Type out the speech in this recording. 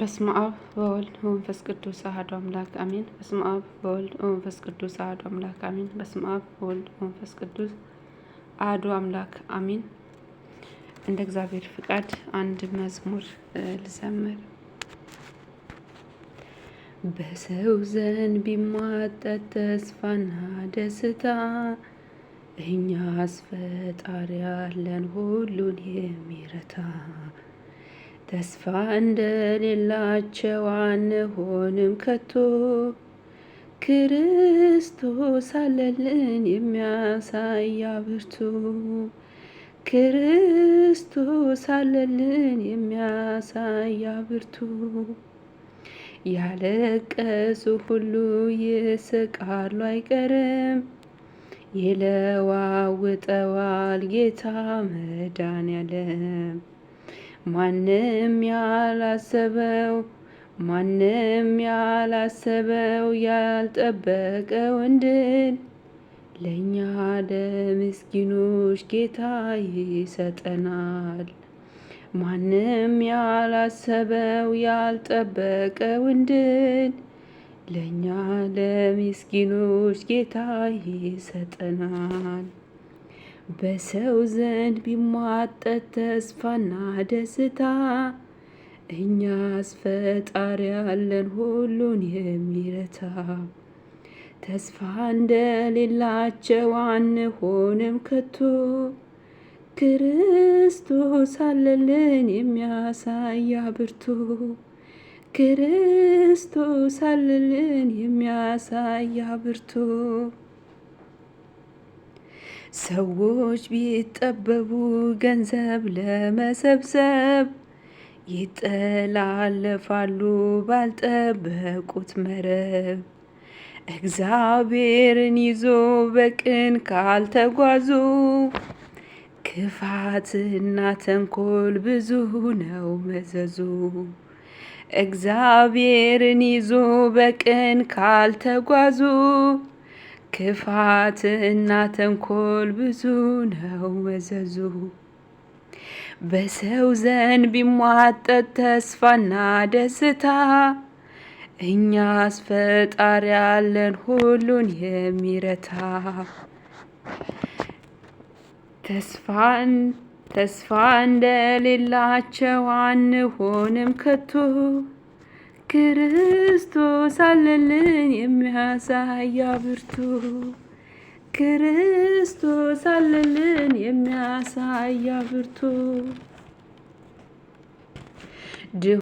በስመ አብ ወወልድ ወመንፈስ ቅዱስ አሐዱ አምላክ አሜን። በስመ አብ ወወልድ ወመንፈስ ቅዱስ አሐዱ አምላክ አሜን። በስመ አብ ወወልድ ወመንፈስ ቅዱስ አሐዱ አምላክ አሜን። እንደ እግዚአብሔር ፍቃድ አንድ መዝሙር ልዘምር። በሰው ዘንድ ቢሟጠጥ ተስፋና ደስታ እኛስ ፈጣሪ ያለን ሁሉን የሚረታ ተስፋ እንደሌላቸው አንሆንም ከቶ ክርስቶስ አለልን የሚያሳይ አብርቱ ክርስቶስ አለልን የሚያሳይ አብርቱ ያለቀሱ ሁሉ ይስቃሉ አይቀርም ይለዋውጠዋል ጌታ መዳን ያለም ማንም ያላሰበው ማንም ያላሰበው ያልጠበቀ እንድን ለእኛ ለምስኪኖች ጌታ ይሰጠናል። ማንም ያላሰበው ያልጠበቀ እንድን ለእኛ ለምስኪኖች ጌታ ይሰጠናል። በሰው ዘንድ ቢሟጠት ተስፋና ደስታ እኛስ ፈጣሪ ያለን ሁሉን የሚረታ ተስፋ እንደሌላቸው አንሆንም ከቶ ክርስቶስ አለልን የሚያሳያ ብርቱ ክርስቶስ አለልን የሚያሳያ ብርቱ ሰዎች ቢጠበቡ ገንዘብ ለመሰብሰብ ይጠላለፋሉ ባልጠበቁት መረብ። እግዚአብሔርን ይዞ በቅን ካልተጓዙ ክፋትና ተንኮል ብዙ ነው መዘዙ። እግዚአብሔርን ይዞ በቅን ካልተጓዙ ክፋት እና ተንኮል ብዙ ነው መዘዙ በሰው ዘንድ ቢሟጠት ተስፋና ደስታ እኛስ ፈጣሪ ያለን ሁሉን የሚረታ ተስፋን ተስፋ እንደሌላቸው አንሆንም ከቶ ክርስቶስ አለልን የሚያሳያ ብርቱ ክርስቶስ አለልን የሚያሳያ ብርቱ